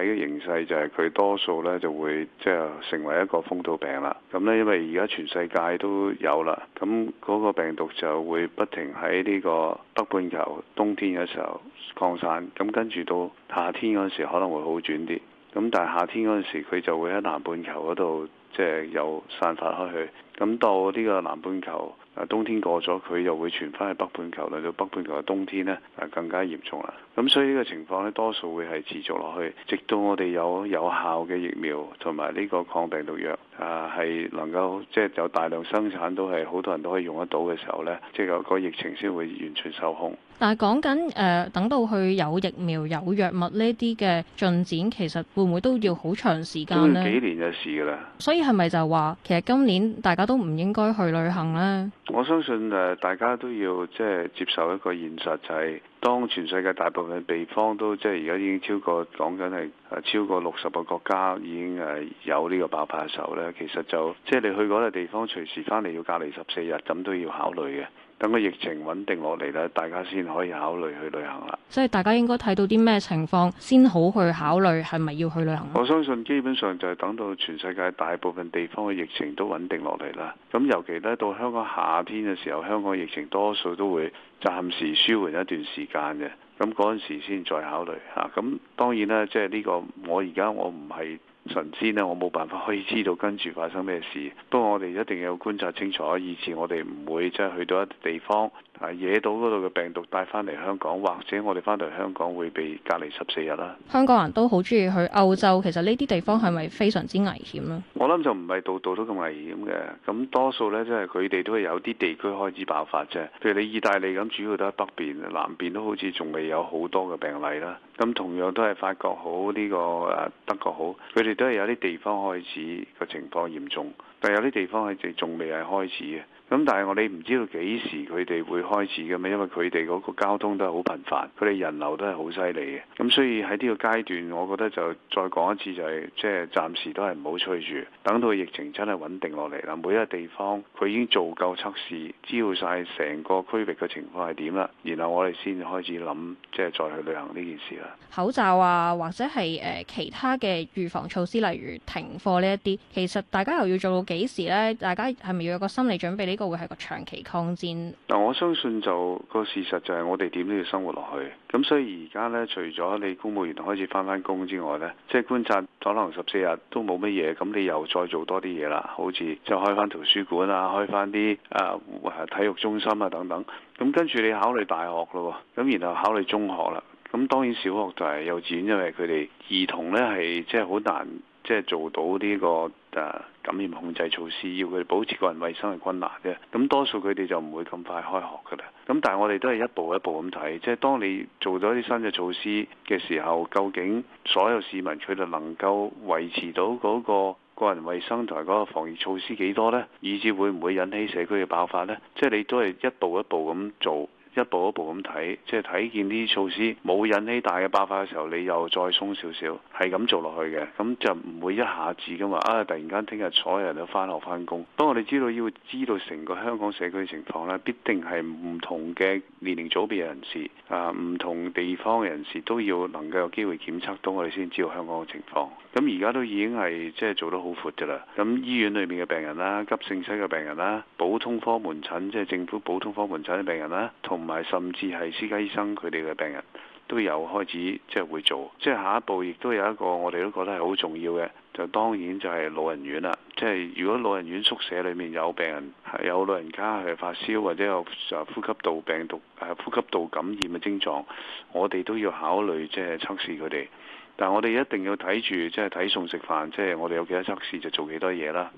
喺嘅形勢就係佢多數呢就會即係、就係、成為一個風土病啦。咁呢，因為而家全世界都有啦，咁嗰個病毒就會不停喺呢個北半球冬天嘅時候擴散，咁跟住到夏天嗰時可能會好轉啲。咁但係夏天嗰陣時佢就會喺南半球嗰度。即係又散發開去，咁到呢個南半球啊冬天過咗，佢又會傳翻去北半球，嚟到北半球嘅冬天呢，啊更加嚴重啦。咁所以呢個情況呢，多數會係持續落去，直到我哋有有效嘅疫苗同埋呢個抗病毒藥啊，係能夠即係有大量生產都係好多人都可以用得到嘅時候呢，即係個疫情先會完全受控。但係講緊誒，等到去有疫苗有藥物呢啲嘅進展，其實會唔會都要好長時間咧？幾年嘅事㗎啦。所以。係咪就話，其實今年大家都唔應該去旅行咧？我相信誒，大家都要即係、就是、接受一個現實，就係。當全世界大部分地方都即係而家已經超過，講緊係誒，超過六十個國家已經誒，有呢個爆發嘅時候呢，其實就即係、就是、你去嗰個地方隨時翻嚟要隔離十四日，咁都要考慮嘅。等個疫情穩定落嚟呢，大家先可以考慮去旅行啦。即係大家應該睇到啲咩情況先好去考慮係咪要去旅行？我相信基本上就係等到全世界大部分地方嘅疫情都穩定落嚟啦。咁尤其呢，到香港夏天嘅時候，香港疫情多數都會暫時舒緩一段時間。間嘅，咁嗰陣時先再考慮吓。咁，啊，當然啦，即係呢個我而家我唔係。神仙呢，我冇辦法可以知道跟住發生咩事。不過我哋一定要觀察清楚。以前我哋唔會即係、就是、去到一啲地方，啊，惹到嗰度嘅病毒帶翻嚟香港，或者我哋翻到香港會被隔離十四日啦。香港人都好中意去歐洲，其實呢啲地方係咪非常之危險咧？我諗就唔係度度都咁危險嘅。咁多數呢，即係佢哋都係有啲地區開始爆發啫。譬如你意大利咁，主要都喺北邊，南邊都好似仲未有好多嘅病例啦。咁同樣都係法國好呢、呢個、啊，德國好，佢哋都係有啲地方開始個情況嚴重，但有啲地方佢哋仲未係開始。咁但係我哋唔知道幾時佢哋會開始㗎嘛，因為佢哋嗰個交通都係好頻繁，佢哋人流都係好犀利嘅。咁所以喺呢個階段，我覺得就再講一次、就係，就係即係暫時都係唔好吹住，等到疫情真係穩定落嚟啦。每一個地方佢已經做夠測試，知道晒成個區域嘅情況係點啦。然後我哋先開始諗，即、就、係、係、再去旅行呢件事啦。口罩啊，或者係誒、呃、其他嘅預防措施，例如停課呢一啲，其實大家又要做到幾時呢？大家係咪要有個心理準備呢？都會係個長期抗戰。嗱，我相信就、個事實就係我哋點都要生活落去。咁所以而家呢，除咗你公務員開始翻翻工之外呢，即係觀察可能十四日都冇乜嘢，咁你又再做多啲嘢啦，好似就係開翻圖書館啊，開翻啲誒體育中心啊等等。咁跟住你考慮大學咯，咁然後考慮中學啦。咁當然小學就係幼稚園，因為佢哋兒童呢係即係好難即係做到呢個。誒感染控制措施，要佢哋保持個人衛生嘅困難嘅，咁多數佢哋就唔會咁快開學噶啦。咁但係我哋都係一步一步咁睇，即係當你做咗啲新嘅措施嘅時候，究竟所有市民佢哋能夠維持到嗰個個人衛生同埋嗰個防疫措施幾多咧？以至會唔會引起社區嘅爆發咧？即係你都係一步一步咁做。一步一步咁睇，即係睇見啲措施冇引起大嘅爆發嘅時候，你又再鬆少少，係咁做落去嘅，咁就唔會一下子咁話啊，突然間聽日所有人都返學返工。不過我哋知道要知道成個香港社區嘅情況呢，必定係唔同嘅年齡組別人士啊，唔同地方嘅人士都要能夠有機會檢測到，我哋先知道香港嘅情況。咁而家都已經係即係做得好闊㗎啦。咁醫院裏面嘅病人啦，急症室嘅病人啦，普通科門診即係政府普通科門診嘅病人啦，同同埋甚至係私家醫生佢哋嘅病人都有開始即係、就是、會做，即係下一步亦都有一個我哋都覺得係好重要嘅，就當然就係老人院啦。即係如果老人院宿舍裏面有病人有老人家係發燒或者有呼吸道病毒誒呼吸道感染嘅症狀，我哋都要考慮即係、就是、測試佢哋，但我哋一定要睇住即係睇餸食飯，即、就、係、是、我哋有幾多測試就做幾多嘢啦。